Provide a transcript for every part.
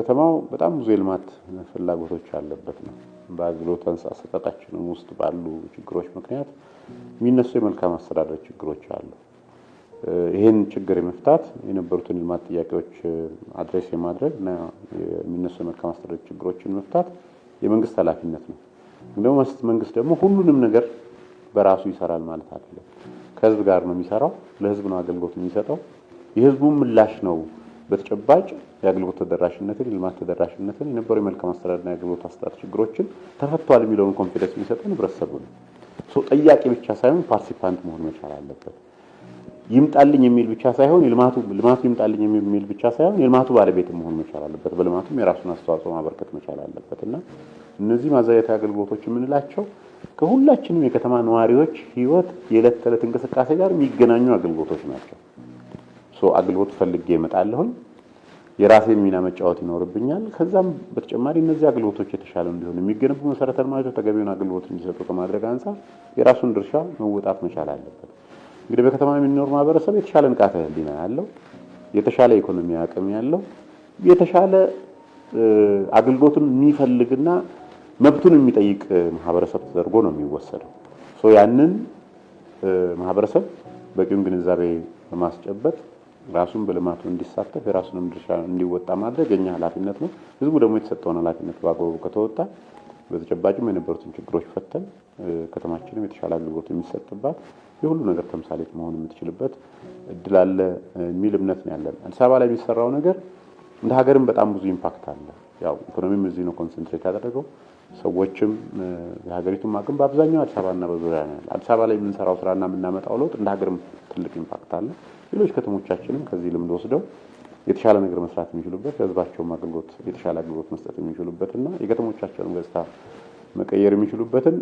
ከተማው በጣም ብዙ የልማት ፍላጎቶች ያለበት ነው። በአገልግሎት አሰጣጣችንም ውስጥ ባሉ ችግሮች ምክንያት የሚነሱ የመልካም አስተዳደር ችግሮች አሉ። ይህን ችግር የመፍታት የነበሩትን የልማት ጥያቄዎች አድሬስ የማድረግ እና የሚነሱ የመልካም አስተዳደር ችግሮችን መፍታት የመንግስት ኃላፊነት ነው። ደግሞ መንግስት ደግሞ ሁሉንም ነገር በራሱ ይሰራል ማለት አይደለም። ከህዝብ ጋር ነው የሚሰራው። ለህዝብ ነው አገልግሎት የሚሰጠው። የህዝቡ ምላሽ ነው በተጨባጭ የአገልግሎት ተደራሽነትን የልማት ተደራሽነትን የነበሩ የመልካም አስተዳደርና የአገልግሎት አሰጣጥ ችግሮችን ተፈቷል የሚለውን ኮንፊደንስ የሚሰጠን ህብረተሰቡ ነው። ሰው ጠያቂ ብቻ ሳይሆን ፓርቲሲፓንት መሆን መቻል አለበት። ይምጣልኝ የሚል ብቻ ሳይሆን ልማቱ ልማቱ ይምጣልኝ የሚል ብቻ ሳይሆን የልማቱ ባለቤት መሆን መቻል አለበት። በልማቱም የራሱን አስተዋጽኦ ማበርከት መቻል አለበት እና እነዚህ ማዘጋጃ አገልግሎቶች የምንላቸው ከሁላችንም የከተማ ነዋሪዎች ህይወት የዕለት ተዕለት እንቅስቃሴ ጋር የሚገናኙ አገልግሎቶች ናቸው። አገልግሎት ፈልጌ እመጣለሁኝ። የራሴ ሚና መጫወት ይኖርብኛል። ከዛም በተጨማሪ እነዚህ አገልግሎቶች የተሻለ እንዲሆን የሚገነቡ መሰረተ ልማቶች ተገቢውን አገልግሎት እንዲሰጡ ከማድረግ አንጻር የራሱን ድርሻ መወጣት መቻል አለበት። እንግዲህ በከተማ የሚኖር ማህበረሰብ የተሻለ ንቃተ ሕሊና ያለው፣ የተሻለ ኢኮኖሚ አቅም ያለው፣ የተሻለ አገልግሎትን የሚፈልግና መብቱን የሚጠይቅ ማህበረሰብ ተደርጎ ነው የሚወሰደው። ያንን ማህበረሰብ በቂውን ግንዛቤ በማስጨበጥ ራሱን በልማቱ እንዲሳተፍ የራሱንም ድርሻ እንዲወጣ ማድረግ የኛ ኃላፊነት ነው። ህዝቡ ደግሞ የተሰጠውን ኃላፊነት በአግባቡ ከተወጣ በተጨባጭም የነበሩትን ችግሮች ፈተን ከተማችንም የተሻለ አገልግሎት የሚሰጥባት የሁሉ ነገር ተምሳሌት መሆን የምትችልበት እድል አለ የሚል እምነት ነው ያለን። አዲስ አበባ ላይ የሚሰራው ነገር እንደ ሀገርም በጣም ብዙ ኢምፓክት አለ። ያው ኢኮኖሚም እዚህ ነው ኮንሰንትሬት ያደረገው ሰዎችም የሀገሪቱም አቅም በአብዛኛው አዲስ አበባና በዙሪያ ነው። አዲስ አበባ ላይ የምንሰራው ስራና የምናመጣው ለውጥ እንደ ሀገርም ትልቅ ኢምፓክት አለ። ሌሎች ከተሞቻችንም ከዚህ ልምድ ወስደው የተሻለ ነገር መስራት የሚችሉበት ለህዝባቸውም አገልግሎት የተሻለ አገልግሎት መስጠት የሚችሉበትና የከተሞቻቸውንም ገጽታ መቀየር የሚችሉበትን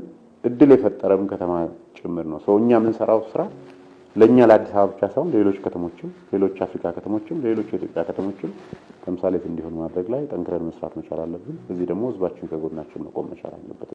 እድል የፈጠረም ከተማ ጭምር ነው። ሰው እኛ የምንሰራው ስራ ለእኛ ለአዲስ አበባ ብቻ ሳይሆን ሌሎች ከተሞችም ሌሎች አፍሪካ ከተሞችም ሌሎች የኢትዮጵያ ከተሞችም ተምሳሌት እንዲሆን ማድረግ ላይ ጠንክረን መስራት መቻል አለብን። እዚህ ደግሞ ህዝባችን ከጎናችን መቆም መቻል አለበት።